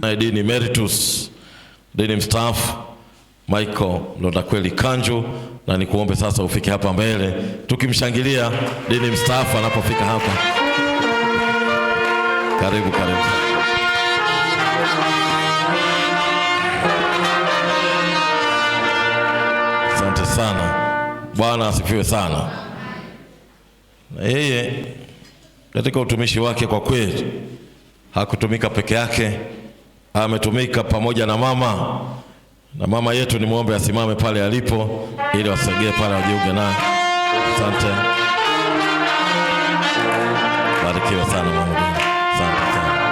Dean meritus dini mstaafu Michael kweli Kanju, na nikuombe sasa ufike hapa mbele tukimshangilia dini mstaafu anapofika hapa. Karibu, karibu. Asante sana. Bwana asifiwe sana. Na yeye katika utumishi wake kwa kweli hakutumika peke yake, ametumika pamoja na mama na mama yetu. Ni muombe asimame pale alipo, ili wasogee pale wajiunge naye. Asante, barikiwe sana mama. Asante sana.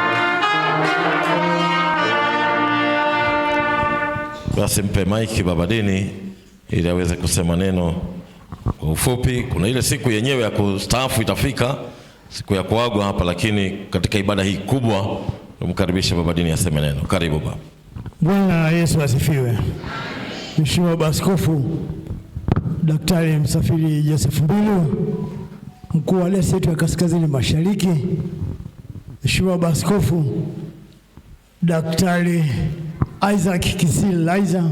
Basi mpe maiki baba dini ili aweze kusema neno kwa ufupi. Kuna ile siku yenyewe ya kustaafu itafika siku ya kuagwa hapa, lakini katika ibada hii kubwa tumkaribishe baba dini aseme neno. Karibu baba. Bwana Yesu asifiwe. Mheshimiwa Baskofu Daktari Msafiri Joseph Mbilu, mkuu wa dayosisi yetu ya Kaskazini Mashariki, Mheshimiwa baskofu Daktari Isaac Kisil Laiza,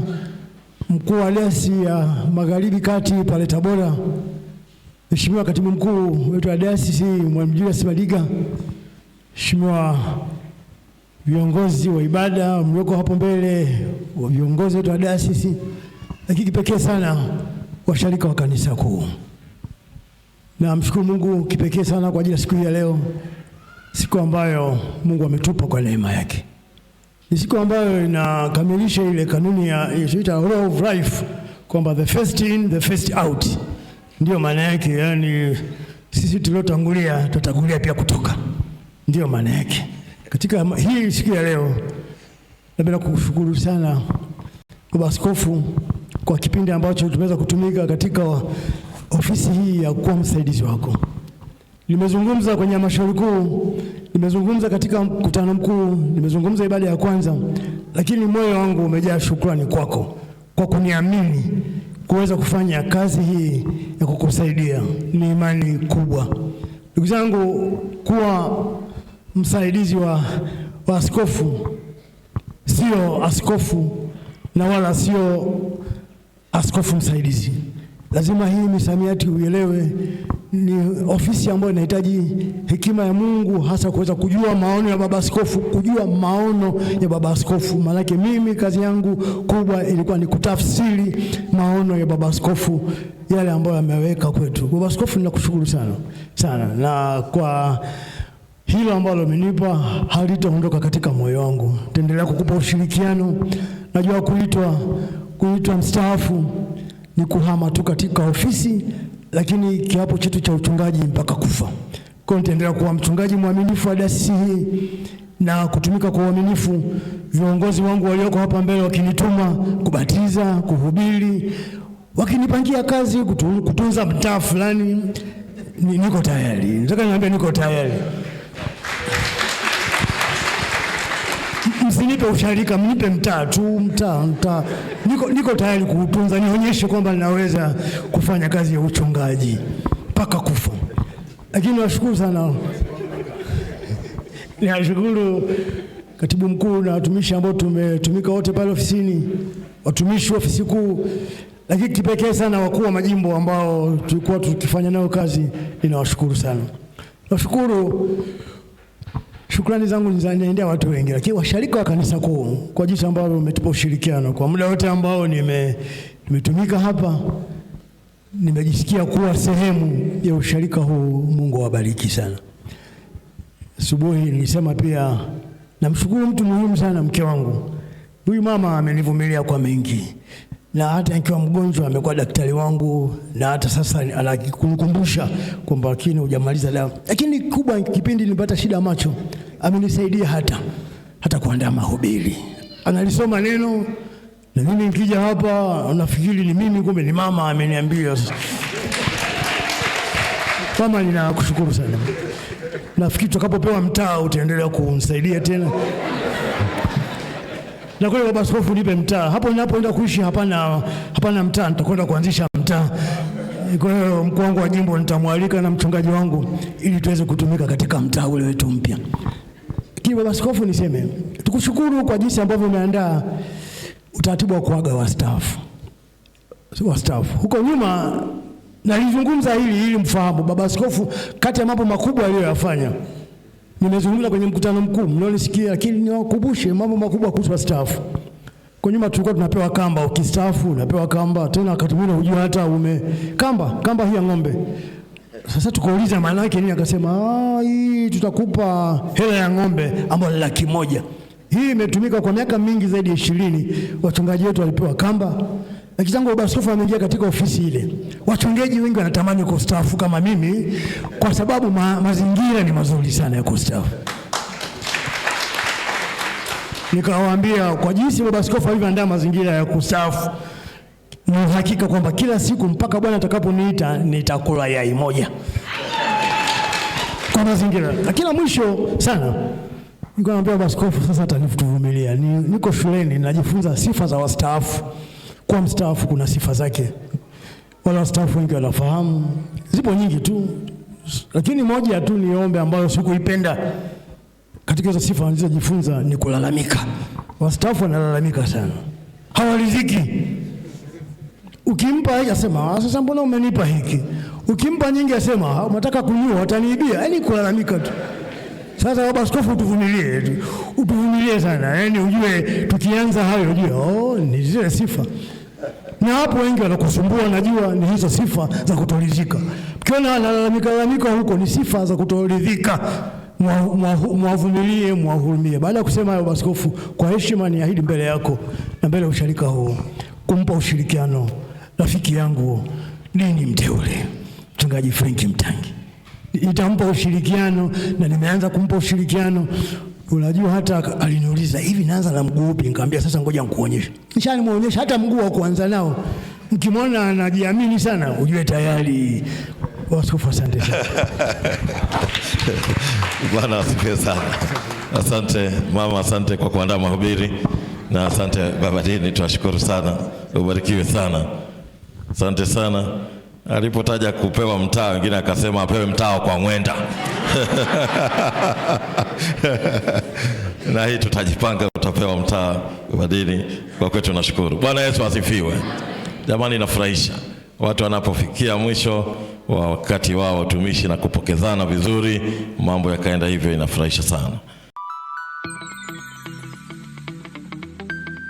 mkuu wa dayosisi ya Magharibi Kati pale Tabora Mheshimiwa Katibu Mkuu wetu wa Dayosisi Mwalimu Julius Madiga, Mheshimiwa viongozi wa ibada mlioko hapo mbele, wa viongozi wetu wa Dayosisi, lakini kipekee sana washarika wa kanisa kuu, na mshukuru Mungu kipekee sana kwa ajili ya siku hii ya leo, siku ambayo Mungu ametupa kwa neema yake. Ni siku ambayo inakamilisha ile kanuni ya Royal of Life kwamba the first in, the first out ndio maana yake, yani sisi tuliotangulia tutatangulia pia kutoka. ndio maana yake katika hii siku ya leo. Napenda kushukuru sana Baba Askofu kwa kipindi ambacho tumeweza kutumika katika ofisi hii ya kuwa msaidizi wako. Nimezungumza kwenye halmashauri kuu, nimezungumza katika mkutano mkuu, nimezungumza ibada ya kwanza, lakini moyo wangu umejaa shukrani kwako kwa kuniamini kuweza kufanya kazi hii ya kukusaidia ni imani kubwa. Ndugu zangu, kuwa msaidizi wa, wa askofu sio askofu na wala sio askofu msaidizi. Lazima hii misamiati uielewe, ni ofisi ambayo inahitaji hekima ya Mungu, hasa kuweza kujua maono ya baba askofu, kujua maono ya baba askofu. Maanake mimi kazi yangu kubwa ilikuwa ni kutafsiri maono ya baba askofu yale ambayo yameweka kwetu. Baba askofu, ninakushukuru sana sana, na kwa hilo ambalo umenipa halitaondoka katika moyo wangu, taendelea kukupa ushirikiano. Najua kuitwa kuitwa mstaafu ni kuhama tu katika ofisi, lakini kiapo chetu cha uchungaji mpaka kufa. Kwa hiyo nitaendelea kuwa mchungaji mwaminifu wa dayosisi hii na kutumika kwa uaminifu. Viongozi wangu walioko hapa mbele wakinituma kubatiza, kuhubiri, wakinipangia kazi kutunza mtaa fulani, niko tayari. Nataka niambie, niko tayari. msinipe usharika, mnipe mtaa tu, mtaa mtaa. Niko, niko tayari kuutunza, nionyeshe kwamba ninaweza kufanya kazi ya uchungaji mpaka kufa. Lakini nawashukuru sana, niwashukuru katibu mkuu na watumishi ambao tumetumika wote pale ofisini, watumishi ofisi kuu, lakini kipekee sana wakuu wa majimbo ambao tulikuwa tukifanya nao kazi, ninawashukuru sana, nashukuru Shukrani zangu zinaendea watu wengi, lakini washirika wa kanisa kuu kwa jinsi ambavyo umetupa ushirikiano kwa muda wote ambao nime nimetumika hapa, nimejisikia kuwa sehemu ya usharika huu. Mungu awabariki sana. Asubuhi nilisema pia namshukuru mtu muhimu sana, mke wangu. Huyu mama amenivumilia kwa mengi, na hata nikiwa mgonjwa amekuwa daktari wangu, na hata sasa anakunikumbusha kwamba, lakini hujamaliza dawa. Lakini kubwa kipindi nilipata shida macho amenisaidia hata hata kuandaa mahubiri, analisoma neno na mimi nikija hapa nafikiri ni mimi, kumbe ni mama ameniambia. Mama, ninakushukuru sana. Nafikiri tukapopewa mtaa utaendelea kunisaidia tena na kweli baba askofu, nipe mtaa hapo ninapoenda kuishi. Hapana, hapana mtaa, nitakwenda kuanzisha mtaa. Kwa hiyo mkuu wangu wa jimbo nitamwalika na mchungaji wangu ili tuweze kutumika katika mtaa ule wetu mpya. Lakini baba askofu, niseme tukushukuru kwa jinsi ambavyo umeandaa utaratibu wa kuaga wastaafu wastaafu. Huko nyuma nalizungumza hili ili mfahamu baba askofu, kati ya mambo makubwa aliyoyafanya nimezungumza kwenye mkutano mkuu mlionisikia, lakini niwakumbushe mambo makubwa kuhusu wastaafu. Kwa nyuma tulikuwa tunapewa kamba, ukistaafu unapewa kamba tena, wakati mwingine hujua hata ume kamba kamba hii ya ng'ombe. Sasa tukauliza maana yake nini, akasema ah, hii hii tutakupa hela ya ng'ombe ambayo ni laki moja. Hii imetumika kwa miaka mingi zaidi ya ishirini. Wachungaji wetu walipewa kamba na kitango. Askofu ameingia katika ofisi ile, wachungaji wengi wanatamani kustaafu kama mimi, kwa sababu ma mazingira ni mazuri sana ya kustaafu. Nikawaambia kwa jinsi baba askofu alivyoandaa mazingira ya kustaafu, ni uhakika kwamba kila siku mpaka Bwana atakaponiita nitakula yai moja katika mazingira. Lakini la mwisho sana niko naambia baskofu sasa atanivumilia. Ni, niko shuleni najifunza sifa za wastaafu. Kwa mstaafu kuna sifa zake. Wala wastaafu wengi wanafahamu. Zipo nyingi tu. Lakini moja tu niombe ambayo sikuipenda katika hizo sifa nilizojifunza ni kulalamika. Wastaafu wanalalamika sana. Hawaridhiki. Ukimpa hiki asema, ah, sasa mbona umenipa hiki? Ukimpa nyingi asema ah, unataka kunyua, wataniibia, Yani kulalamika tu. Sasa baba askofu, utuvumilie tu, utuvumilie sana, yaani ujue tukianza hayo ujue, oh, ni zile sifa na hapo wengi wanakusumbua, najua ni hizo sifa za kutoridhika. Mkiona analalamika lalamika huko, ni sifa za kutoridhika. Mwavumilie, mwahurumie. Baada ya kusema hayo, baskofu, kwa heshima niahidi mbele yako na mbele ya usharika huu kumpa ushirikiano rafiki yangu nini mteule mchungaji Frank Mtangi. Nitampa ushirikiano na nimeanza kumpa ushirikiano. Unajua, hata aliniuliza hivi, naanza na mguu upi? Nikamwambia sasa, ngoja nikuonyeshe. Nisha hata mguu wa kuanza nao. Mkimwona anajiamini sana, ujue tayari Waskofu, asante sana. Bwana asifiwe sana. Asante mama, asante kwa kuandaa mahubiri na asante baba dini, tunashukuru sana, ubarikiwe sana, asante sana alipotaja kupewa mtaa, wengine akasema apewe mtaa kwa Mwenda na hii tutajipanga, utapewa mtaa badili kwa kwetu. Tunashukuru. Bwana Yesu asifiwe. Jamani, inafurahisha watu wanapofikia mwisho wa wakati wao watumishi na kupokezana vizuri, mambo yakaenda hivyo, inafurahisha sana.